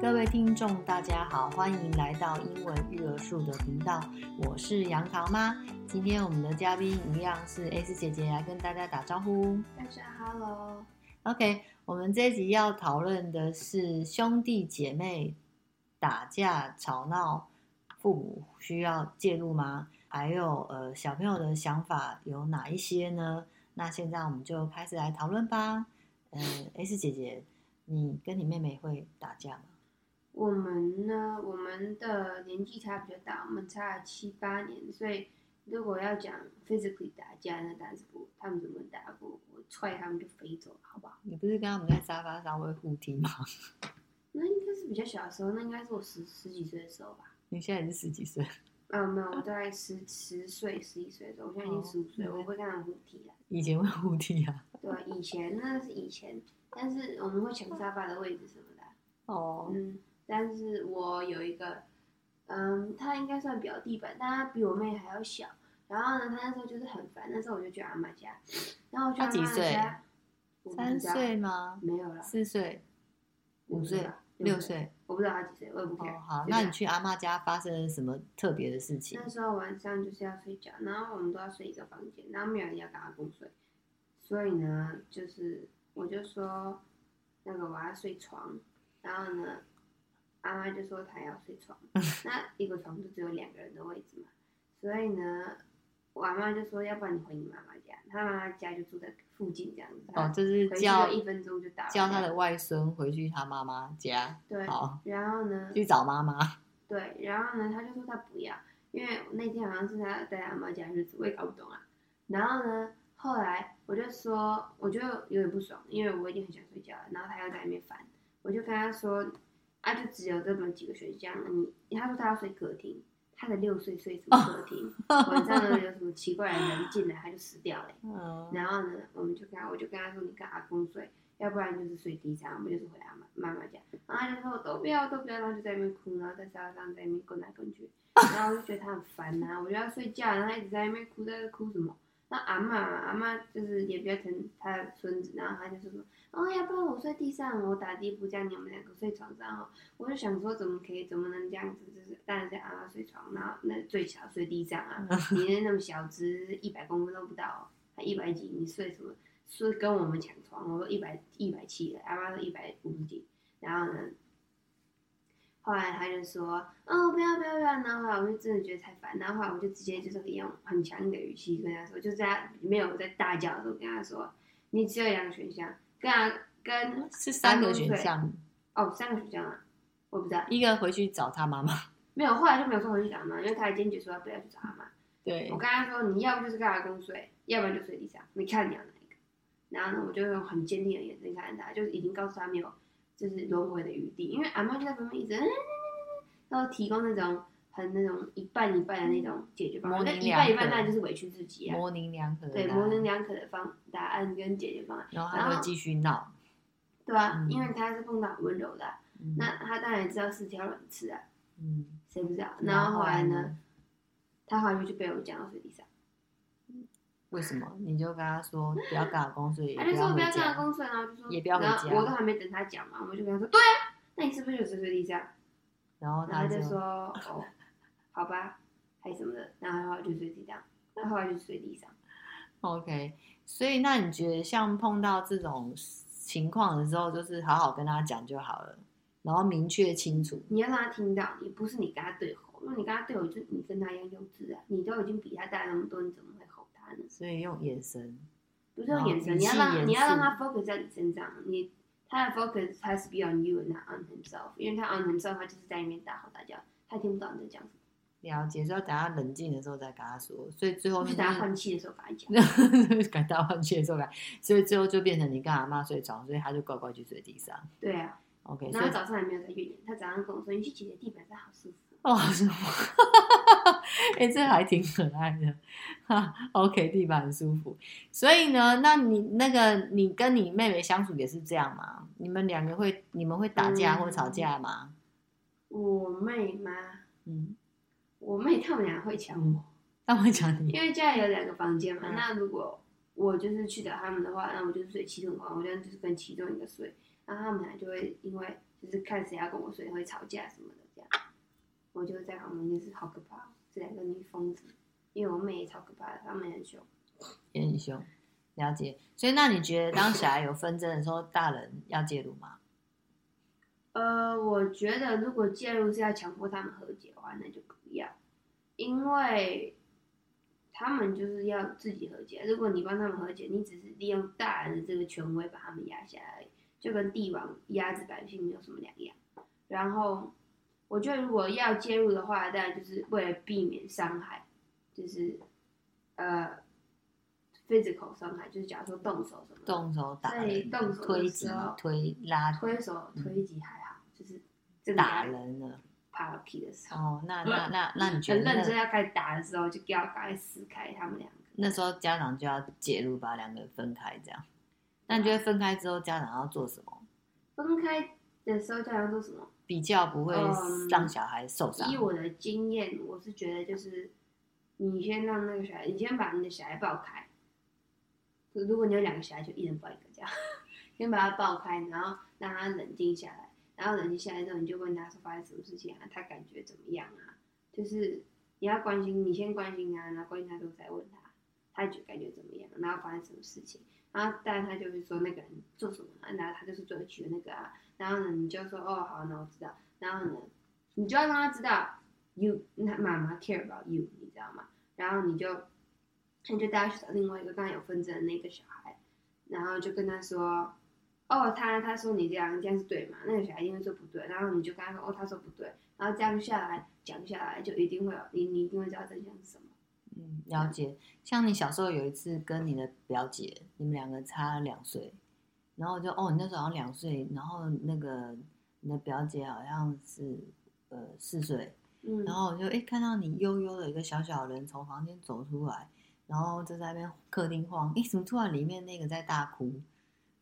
各位聽眾，大家好，歡迎來到英文育兒術的頻道，我是楊桃媽。今天我們的嘉賓一樣是 S 姐姐，來跟大家打招呼。大家 Hello，OK。Okay, 我們這一集要討論的是兄弟姐妹打架吵鬧，父母需要介入嗎？還有呃，小朋友的想法有哪一些呢？那現在我們就開始來討論吧。呃，S 姐姐，你跟你妹妹會打架嗎？我們呢，我們的年紀差比較大，我們差了七八年，所以如果要講 physically 打架，那但是他們怎麼打過？我踹他們就飛走了，好不好？你不是跟他們在沙發上會互踢嗎？ 那應該是比較小的時候，那應該是我十十幾歲的時候吧。你現在也是十幾歲？啊、oh, no,，沒有，我大概十十歲、十一歲的時候，我現在已經十五歲，oh, 我不會跟他們互踢了。以前會互踢啊？ 對，以前那是以前，但是我們會搶沙發的位置什麼的。哦，oh. 嗯。但是我有一個，嗯，他應該算表弟吧，但他比我妹還要小。然後呢，他那時候就是很煩，那時候我就去阿媽家。然後去阿媽家，啊、幾歲？三歲嗎？沒有了。四歲、五歲、六歲，我不知道他幾歲，我也不記得、哦。好，那你去阿媽家發生什麼特別的事情？那時候晚上就是要睡覺，然後我們都要睡一個房間，然後沒有人要跟他共睡。所以呢，就是我就說那個我要睡床，然後呢。媽媽就說他要睡床，那一個床就只有兩個人的位置嘛， 所以呢，我媽媽就說，要不然你回你媽媽家，他媽媽家就住在附近這樣子。哦，就是叫一分鐘就到了。叫他的外孫回去他媽媽家。對，好，然後呢？去找媽媽。對，然後呢？他就說他不要，因為那天好像是他在他媽媽家的日子，我也搞不懂啊。然後呢，後來我就說我就有點不爽，因為我已經很想睡覺了，然後他又在那邊煩，我就跟他說。啊，就只有這麼幾個選項。你、嗯，他說他要睡客廳，他才六歲，睡什麼客廳？Oh. 晚上呢有什麼奇怪的人進來，他就死掉了。Oh. 然後呢，我們就跟他，我就跟他說，你跟阿公睡，要不然就是睡地上，我們就是回阿媽媽媽家。然後他就說我都不要，都不要，他就在那邊哭，然後在沙發上在那邊滾來滾去，然後我就覺得他很煩吶、啊，我就要睡覺，然後他一直在那邊哭，在哭什麼？那阿嬤、啊，阿嬤就是也比較疼他孫子，然後他就是說。哦，要不然我睡地上，我打地鋪，叫你們兩個睡床上哦。我就想說，怎麼可以，怎麼能這樣子？就是大家在啊，睡床，然後那最小睡地上啊。你那那麼小隻，一百公分都不到，他一百幾，你睡什麼？睡跟我們搶床？我說一百一百七了，阿媽是一百五十幾。然後呢，後來他就說，哦，不要不要不要。然後，後來我就真的覺得太煩，然後，後來我就直接就是用很強硬的語氣跟他說，就在沒有在大叫的時候跟他說，你只有兩個選項。跟啊跟阿是三個選項，哦三個選項啊，我不知道一個回去找他媽媽，沒有，後來就沒有說回去找他媽媽，因為他還堅決說他不要去找他媽、嗯。對，我跟他說你要不就是跟阿公睡，要不然就睡地上，你看你要哪一個？然後呢，我就用很堅定的眼神看他，就是已經告訴他沒有，就是輪迴的餘地，因為阿媽就在旁邊一直、嗯、然後提供那種。很那種一半一半的那種解決方案，那一半一半那就是委屈自己啊，模稜兩可。對，模稜兩可的方答案跟解決方案，然後還會繼續鬧。對啊，因為他是碰到很溫柔的，那他當然知道是挑軟刺啊，嗯，誰不知道？然後後來呢，他後來就被我講到水底下。為什麼？你就跟他說不要講公事，也不要回家。就說不要講公事，然後就說，我都還沒等他講嘛，我就跟他說，對啊，那你是不是就水水底下？然後他就說，好吧，還是什麼的，然後後來就睡地上，那後來就睡地上。OK，所以那你覺得像碰到這種情況的時候，就是好好跟他講就好了，然後明確清楚。你要讓他聽到，也不是你跟他對吼，因為你跟他對吼，就你跟他一樣幼稚啊！你都已經比他大那麼多，你怎麼會吼他呢？所以用眼神，不是用眼神，然後，你要讓你要讓他 focus 在你身上，你他的 focus has to be on you, not on himself，因為他 on himself 他就是在裡面大吼大叫，他聽不到你在講什麼。了解，所以要等他冷靜的時候再跟他說。所以最後、那個，就是等他換氣的時候，跟他講。感哈哈，跟大換氣的時候講。所以最後就變成你跟阿嬤睡床，所以他就乖乖去睡地上。對啊，OK。然後他早上也沒有在怨言，以他早上跟我說：“你去洗洗地板，它好舒服。”哦，好舒服。哎、 欸，這還挺可愛的。哈 ，OK，地板很舒服。所以呢，那你那個你跟你妹妹相處也是這樣嗎？你們兩個會你們會打架或吵架嗎？嗯、我妹嗎？嗯。我妹他們倆會搶我,他們會搶你，嗯、因為家裡有兩個房間嘛。嗯、那如果我就是去找他們的話，那我就睡其中一個，我這樣就是跟其中一個睡。然後他們倆就會因為就是看誰要跟我睡，會吵架什麼的這樣。我就在旁邊，就是好可怕，這兩個女瘋子。因為我妹也超可怕的，他們也很凶，也很凶，了解。所以那你覺得當小孩有紛爭的時候，大人要介入嗎 ？呃，我覺得如果介入是要強迫他們和解的話，那就。因為他們就是要自己和解，如果你幫他們和解，你只是利用大人的這個權威把他們壓下來，就跟帝王壓制百姓沒有什麼兩樣。然後，我覺得如果要介入的話，當然就是為了避免傷害，就是呃，physical 傷害，就是假如說動手什麼，動手打，對，動手推，推拉、推拉、推手、推擠還好，嗯、就是就打人了。p a 的時候哦，那那那那你覺得很認真要開始打的時候，就要開始撕開他們兩個。那時候家長就要介入，把兩個分開這樣。哇那你覺得分開之後家長要做什麼？分開的時候家長要做什麼？比較不會讓小孩受傷。嗯，以我的經驗，我是覺得就是你先讓那個小孩，你先把你的小孩抱開。如果你有兩個小孩，就一人抱一個這樣， 先把他抱開，然後讓他冷靜下來。然後冷靜下來之後，你就問他說：“發生什麼事情啊？他感覺怎麼樣啊？”就是你要關心，你先關心他、啊，然後關心他之後再問他，他就感覺怎麼樣、啊？然後發生什麼事情？然後，但是他就是說那個人做什麼、啊？然後他就是做了絕那個啊。然後呢，你就說：“哦，好，那我知道。”然後呢，你就要讓他知道，you，那媽媽 care about you，你知道嗎？然後你就，你就帶他去找另外一個剛有紛爭的那個小孩，然後就跟他說。哦，oh, 他他說你這樣這樣是對嘛？那個小孩因為說不對，然後你就跟他說哦，oh, 他說不對，然後這樣下來講下來就一定會有你，你一定會知道真相是什麼。嗯，了解。像你小時候有一次跟你的表姐，嗯、你們兩個差兩歲，然後我就哦，你那時候好像兩歲，然後那個你的表姐好像是呃四歲，嗯，然後我就哎看到你悠悠的一個小小人從房間走出來，然後就在那邊客廳晃，哎，怎麼突然裡面那個在大哭？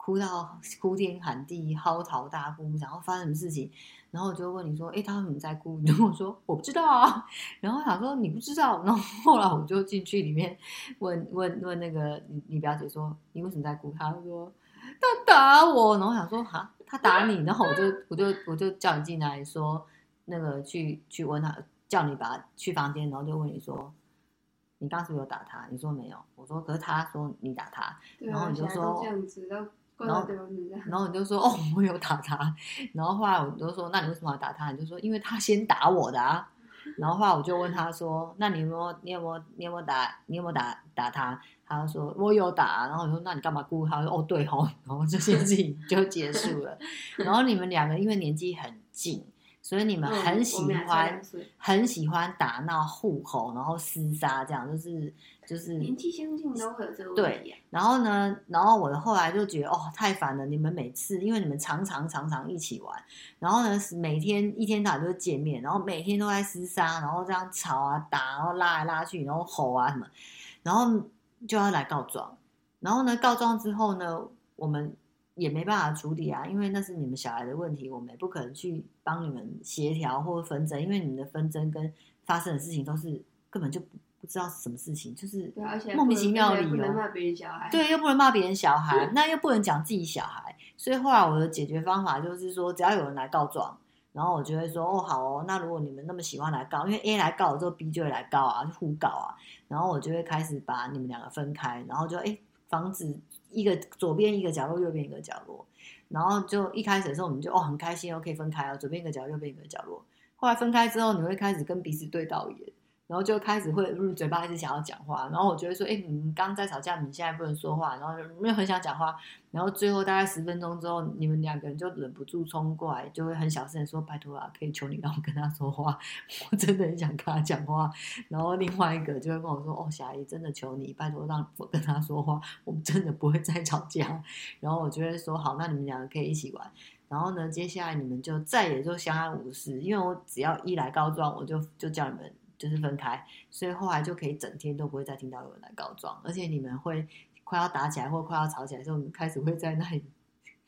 哭到哭天喊地，嚎啕大哭，然後發生什麼事情？然後我就問你說：“哎，他們怎麼在哭？”你跟我說：“我不知道啊。”然後想說：“你不知道。”然後後來我就進去裡面問問問那個你你表姐說：“你為什麼在哭？”他說：“他打我。”然後我想說：“哈，他打你？”然後我就我就我就叫你進來說：“那個去去問他，叫你把他去房間，然後就問你說，你剛是有打他？”你說：“沒有。”我說：“可是他說你打他。”然後你就說：“啊、就這樣子然後，然後你就說哦，我有打他。然後後來我就說，那你為什麼要打他？你就說，因為他先打我的啊。然後後來我就問他說，那你有沒有你有沒有你有沒有打你有沒有打打他？他就說我有打。然後我說那你幹嘛哭他？他說哦，對吼。然後這件事情就結束了。 然後你們兩個因為年紀很近，所以你們很喜歡很喜歡打鬧互吼，然後廝殺這樣就是。就是年紀相近都會有這個問題，啊。對，然後呢，然後我的後來就覺得哦，太煩了。你們每次，因為你們常常常常，常一起玩，然後呢，每天一天到晚就見面，然後每天都在廝殺，然後這樣吵啊打，然後拉來拉去，然後吼啊什麼，然後就要來告狀。然後呢，告狀之後呢，我們也沒辦法處理啊，因為那是你們小孩的問題，我們也不可能去幫你們協調或紛爭，因為你們的紛爭跟發生的事情都是根本就。不。不知道是什麼事情，就是莫名其妙的理由，對，對，又不能罵別人小孩，那又不能講自己小孩，所以後來我的解決方法就是說，只要有人來告狀，然後我就會說，哦，好哦，那如果你們那麼喜歡來告，因為 A 來告了之後，B 就會來告啊，就互告啊，然後我就會開始把你們兩個分開，然後就哎，防止一個左邊一個角落，右邊一個角落，然後就一開始的時候我們就哦很開心哦，又可以分開哦、啊，左邊一個角落，右邊一個角落，後來分開之後，你會開始跟彼此對到然後就開始會嘴巴開始想要講話，然後我覺得說，哎、欸，你們剛剛在吵架，你們現在不能說話，然後又很想講話，然後最後大概十分鐘之後，你們兩個人就忍不住衝過來，就會很小聲說，拜托啊，可以求你讓我跟他說話，我真的很想跟他講話。然後另外一個就會跟我說，哦，霞姨真的求你，拜托讓我跟他說話，我們真的不會再吵架。然後我就會說，好，那你們兩個可以一起玩。然後呢，接下來你們就再也就相安無事，因為我只要一來告狀，我就就叫你們。就是分開，所以後來就可以整天都不會再聽到有人來告狀，而且你們會快要打起來或快要吵起來的時候，我們開始會在那裡，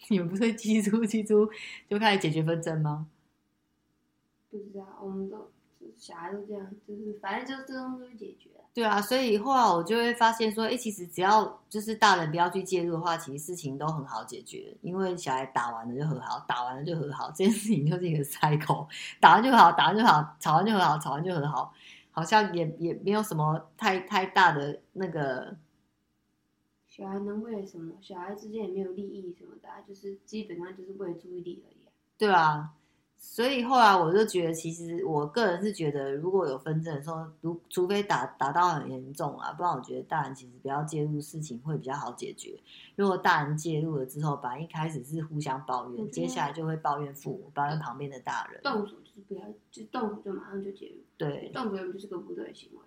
你們不是激出激出就開始解決紛爭嗎？不知道，我們都就是小孩都這樣，就是反正就這種都解決。對啊，所以後來我就會發現說，哎，其實只要就是大人不要去介入的話，其實事情都很好解決。因為小孩打完了就很好，打完了就很好，這件事情就是一個 cycle，打完就好，打完就好，吵完就很好，吵完就很好，好像也也沒有什麼太太大的那個。小孩能為了什麼？小孩之間也沒有利益什麼的，啊，就是基本上就是為了注意力而已，啊。對啊。所以後來我就覺得，其實我個人是覺得，如果有紛爭的時候，如除非打打到很嚴重啊，不然我覺得大人其實不要介入事情會比較好解決。如果大人介入了之後，本來一開始是互相抱怨，Okay. 接下來就會抱怨父母，抱怨旁邊的大人。動手就是不要，就動手就馬上就介入。對。動手就是個不對的行為。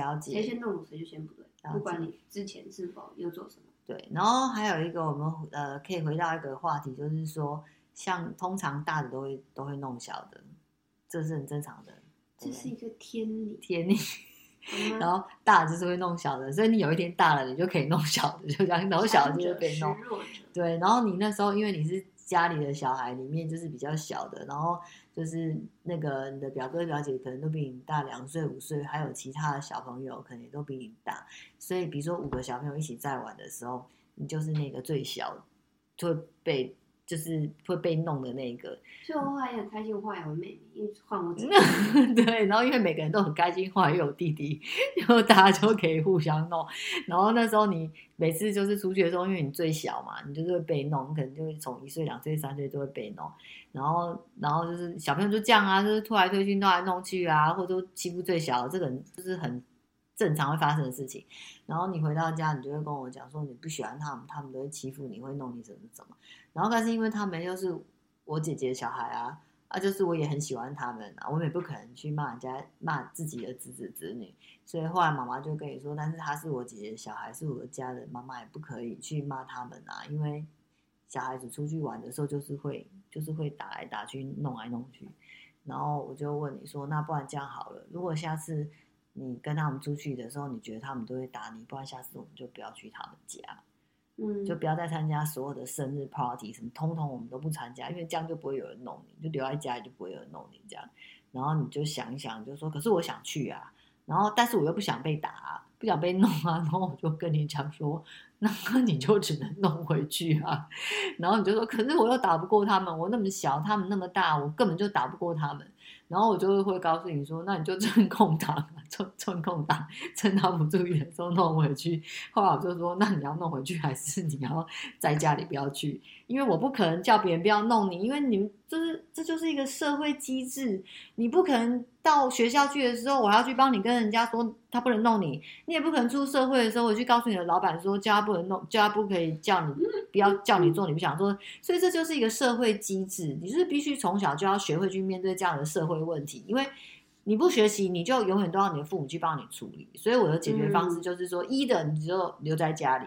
了解。誰先動手誰就先不對，解不管你之前是否有做什麼。對。然後還有一個，我們呃可以回到一個話題，就是說。像通常大的都會都會弄小的，這是很正常的。這是一個天理對天理，嗯啊、然後大的就是會弄小的，所以你有一天大了，你就可以弄小的，就這樣，弄小的就被弄。者者對，然後你那時候因為你是家裡的小孩裡面就是比較小的，然後就是那個你的表哥表姐可能都比你大兩歲五歲，還有其他的小朋友可能也都比你大，所以比如說五個小朋友一起在玩的時候，你就是那個最小，就會被。就是會被弄的那一個，所以我後來也很開心，後來我來有妹妹，因為換我真的、嗯。對，然後因為每個人都很開心，後來又有弟弟，然後大家就可以互相弄。然後那時候你每次就是出去的時候，因為你最小嘛，你就是會被弄，你可能就會從一歲、兩歲、三歲就會被弄。然後，然後就是小朋友就這樣啊，就是推來推去、弄來弄去啊，或者就欺負最小的，這個人就是很。正常會發生的事情，然後你回到家，你就會跟我講說你不喜歡他們，他們都會欺負你，會弄你怎麼怎麼。然後但是因為他們又是我姐姐的小孩啊，啊就是我也很喜歡他們啊，我也不可能去罵人家罵自己的姪子姪女。所以後來媽媽就跟你說，但是他是我姐姐的小孩，是我的家人，媽媽也不可以去罵他們啊，因為小孩子出去玩的時候就是會就是會打來打去，弄來弄去。然後我就問你說，那不然這樣好了，如果下次。你跟他們出去的時候，你覺得他們都會打你，不然下次我們就不要去他們家，嗯，就不要再參加所有的生日 party，什麼通通我們都不參加，因為這樣就不會有人弄你，就留在家裡就不會有人弄你這樣。然後你就想一想，就說可是我想去啊，然後但是我又不想被打啊，不想被弄啊，然後我就跟你講說，那你就只能弄回去啊。然後你就說，可是我又打不過他們，我那麼小，他們那麼大，我根本就打不過他們。然後我就會告訴你說，那你就趁空檔，趁趁空檔，趁他不注意的時候，就弄回去。後來我就說，那你要弄回去，還是你要在家裡不要去？因為我不可能叫別人不要弄你，因為你們。就是，這就是一個社會機制。你不可能到學校去的時候，我要去幫你跟人家說他不能弄你；你也不可能出社會的時候，我去告訴你的老闆說叫他不能弄，叫他不可以叫你不要叫你做，你不想做。所以這就是一個社會機制，你是必須從小就要學會去面對這樣的社會問題。因為你不學習，你就永遠都要你的父母去幫你處理。所以我的解決方式就是說：嗯嗯，一的，你就留在家裡，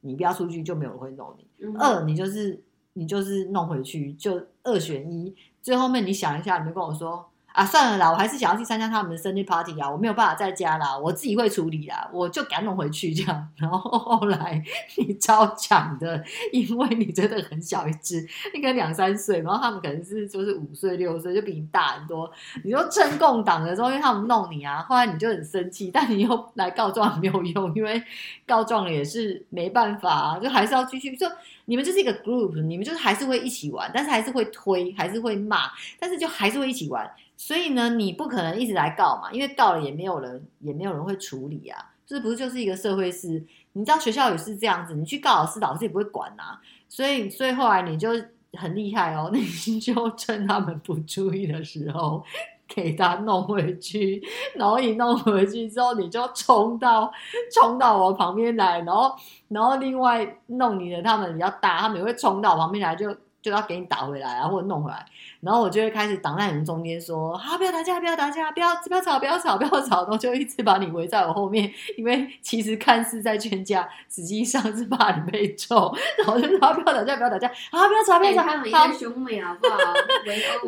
你不要出去，就沒有人會弄你；嗯嗯，二，你就是。你就是弄回去，就二選一，最後面你想一下，你就跟我說。啊，算了啦，我還是想要去參加他們的生日 party 啊，我沒有辦法在家啦，我自己會處理啦，我就趕緊回去這樣。然後後來你超搶的，因為你真的很小一隻，應該兩三歲，然後他們可能是就是五歲六歲，就比你大很多。你說爭共黨的時候，因為他們弄你啊，後來你就很生氣，但你又來告狀沒有用，因為告狀了也是沒辦法啊，就還是要繼續。就你們就是一個 group，你們就是還是會一起玩，但是還是會推，還是會罵，但是就還是會一起玩。所以呢，你不可能一直來告嘛，因為告了也沒有人，也沒有人會處理啊，這是不是就是一個社會是？你知道學校也是這樣子，你去告老師，老師也不會管吶、啊。所以，所以後來你就很厲害哦，你就趁他們不注意的時候給他弄回去，然後一弄回去之後，你就衝到衝到我旁邊來，然後然後另外弄你的，他們比較大，他們也會衝到我旁邊來就。就要給你打回來啊，或者弄回來，然後我就會開始擋在人中間說：“啊，不要打架，不要打架，不要不要吵，不要吵，不要吵。要吵”然後就一直把你圍在我後面，因為其實看似在勸架，實際上是怕你被揍。然後就說：“然後不要打架，不要打架啊，不要吵，不要吵。欸”還雄美好不好？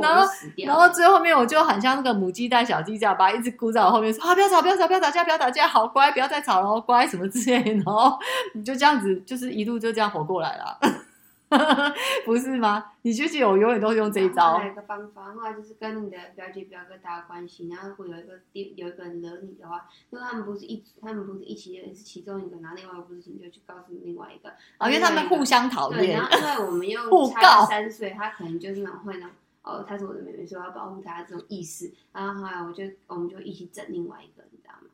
然後然後最後面我就很像那個母雞帶小雞這樣，把一直箍在我後面說：“啊，不要吵，不要吵，不要打架，不要打架，好乖，不要，不要再吵了，乖什麼之類。”然後你就這樣子，就是一路就這樣活過來了。 不是嗎？你就是我，永遠都是用這一招。有一個方法後來就是跟你的表姐表哥打關係，然後會有一個有一個人惹你的話，因為他們不是一，他們不是一起也是其中一個，然後另外一個不是你就去告訴你另外一個，後、啊、因為他們互相討厭，對，然後因為我們又差三歲，他可能就是會那種哦，他是我的妹妹，所以要保護他這種意識，然後後來我就，我們就一起整另外一個，你知道嗎？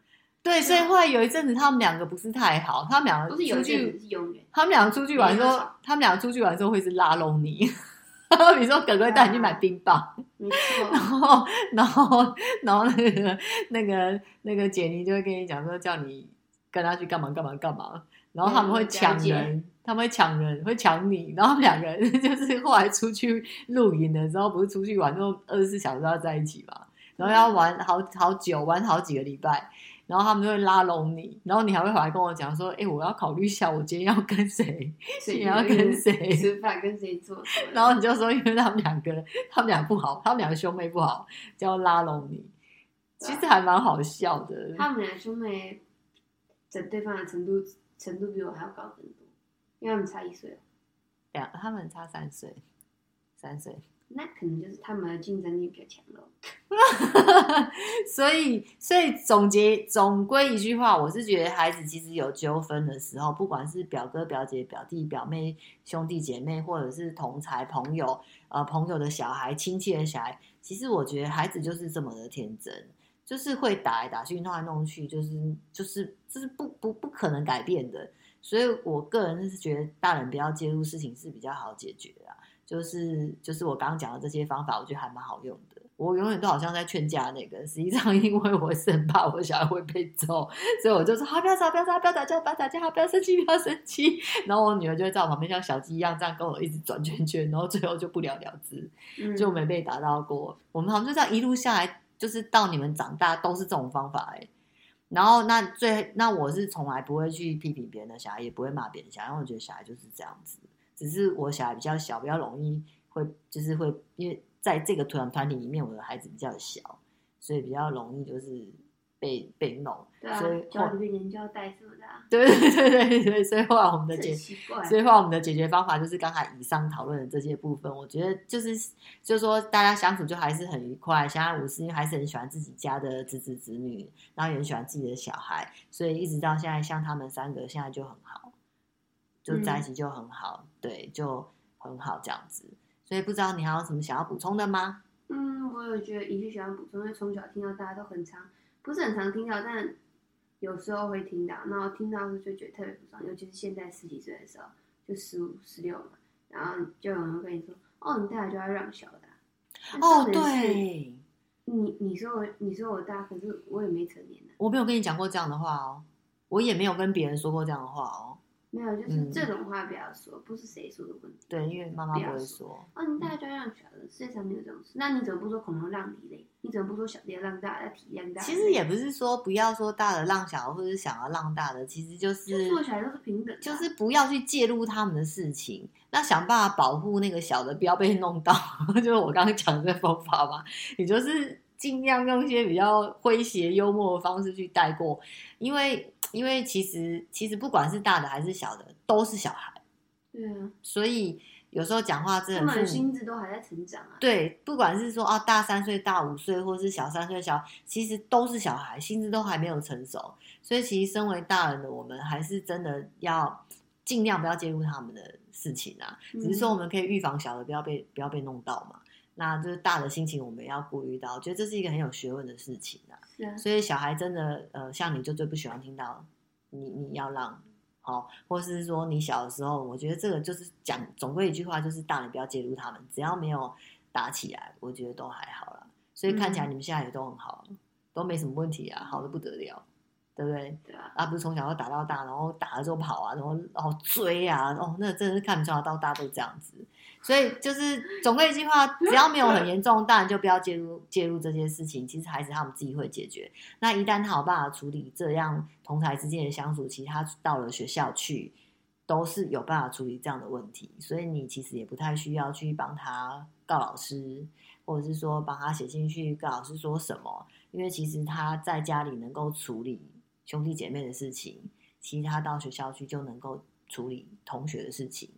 對，所以後來有一陣子，他們兩個不是太好，他們兩個出去不是有些他們兩個出去玩的時候，他們兩個出去玩的時候會是拉攏你， 比如說哥哥帶你去買冰棒，啊、然後然後然後那個那個那個杰尼就會跟你講說叫你跟他去幹嘛幹嘛幹嘛，然後他們會搶人，嗯、他們會搶人，會搶你，然後他們兩個人就是後來出去露營的時候，不是出去玩，就，二十四小時要在一起嘛，然後要玩好好久，玩好幾個禮拜。然後他們就會拉攏你，然後你還會回來跟我講說：“哎，我要考慮一下，我今天要跟誰？你要跟誰吃飯？跟誰做。”然後你就說：“因為他們兩個，他們倆不好，他們兩個兄妹不好，就要拉攏你。啊”其實還蠻好笑的。他們倆兄妹整對方的程度程度比我還要高很多，因為他們差一歲哦。兩他們差三歲，三歲。那可能就是他們的競爭力比較強嘍。所以，所以總結總歸一句話，我是覺得孩子其實有糾紛的時候，不管是表哥、表姐、表弟、表妹、兄弟姐妹，或者是同才朋友、呃朋友的小孩、親戚的小孩，其實我覺得孩子就是這麼的天真，就是會打來打去、弄來弄去，就是就是就是不不不可能改變的。所以我個人是覺得大人不要介入事情是比較好解決的啊。就是就是我剛剛講的這些方法，我覺得還蠻好用的。我永遠都好像在勸架那個，實際上因為我生怕我小孩會被揍，所以我就說：好、啊，不要吵，不要吵，不要打架，不要打架，好，不要生氣，不要生氣。然後我女兒就會在我旁邊像小雞一樣這樣跟我一直轉圈圈，然後最後就不了了之，嗯、就沒被打到過。我們好像就這樣一路下來，就是到你們長大都是這種方法哎、欸。然後那最那我是從來不會去批評別人的小孩，也不會罵別人的小孩，因為我覺得小孩就是這樣子。只是我小孩比較小，比較容易會就是會，因為在這個團團體裡面，我的孩子比較小，所以比較容易就是被被弄。對啊，教別人教帶是不是啊？對以、啊、對對對對，所以後來我們的解，所以話我們的解決方法就是剛才以上討論的這些部分。我覺得就是就是說大家相處就還是很愉快。現在我是因為還是很喜歡自己家的子子子女，然後也很喜歡自己的小孩，所以一直到現在像他們三個現在就很好，就在一起就很好。嗯對，就很好這樣子，所以不知道你還有什麼想要補充的嗎？嗯，我有覺得一直想要補充，因為從小聽到大家都很常，不是很常聽到，但有時候會聽到，然後聽到就覺得特別不爽，尤其是現在十幾歲的時候，就十五、十六嘛，然後就有人會跟你說：“哦，你大了就要讓小的。”哦，對，你你說我你說我大，可是我也沒成年啊。我沒有跟你講過這樣的話哦，我也沒有跟別人說過這樣的話哦。沒有，就是這種話不要說，嗯、不是誰說的問題，對，因為媽媽不會說。說哦，你大家都要讓小的，嗯、世界上沒有這種事。那你怎麼不說孔融讓梨呢？你怎麼不說小的讓大的體驗？其實也不是說不要說大的讓小的，或者是想要讓大的，其實就是做起來都是平等的，就是不要去介入他們的事情，那想辦法保護那個小的不要被弄到， 就是我剛剛講的這方法吧。你就是儘量用一些比較詼諧幽默的方式去帶過，因為。因為其實其實不管是大的還是小的，都是小孩，對啊。所以有時候講話真的，他心智都還在成長啊。對，不管是說啊大三歲、大五歲，或是小三歲、小，其實都是小孩，心智都還沒有成熟。所以其實身為大人的我們，還是真的要盡量不要介入他們的事情啊。嗯，只是說我們可以預防小的不要被不要被弄到嘛。那就是大的心情，我們要顧慮到，我覺得這是一個很有學問的事情啊。是啊，所以小孩真的，呃，像你就最不喜歡聽到，你你要讓，好、哦，或是說你小的時候，我覺得這個就是講，總歸一句話就是大人不要介入他們，只要沒有打起來，我覺得都還好啦。所以看起來你們現在也都很好，嗯、都沒什麼問題啊，好的不得了。對不對？對啊，不是從小就打到大，然後打了就跑啊，然後然後、哦、追啊，哦，那真的是看不出來到大都這樣子。所以就是總歸一句話，只要沒有很嚴重，大人就不要介入介入這些事情。其實孩子他們自己會解決。那一旦他有辦法處理這樣同儕之間的相處，其實他到了學校去都是有辦法處理這樣的問題。所以你其實也不太需要去幫他告老師，或者是說幫他寫進去告老師說什麼，因為其實他在家裡能夠處理兄弟姐妹的事情，其他到學校去就能夠處理同學的事情，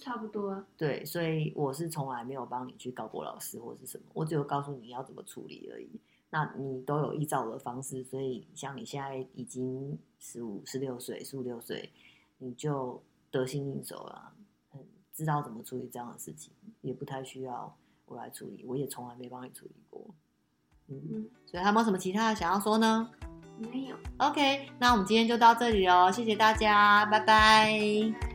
差不多啊。對，所以我是從來沒有幫你去告過老師或是什麼，我只有告訴你要怎麼處理而已。那你都有依照我的方式，所以像你現在已經十五、十六歲、十五、十六歲，你就得心應手了，嗯，知道怎麼處理這樣的事情，也不太需要我來處理，我也從來沒幫你處理過。嗯，嗯，所以還有沒有什麼其他的想要說呢？沒有。OK，那我們今天就到這裡哦，謝謝大家，拜拜。拜拜。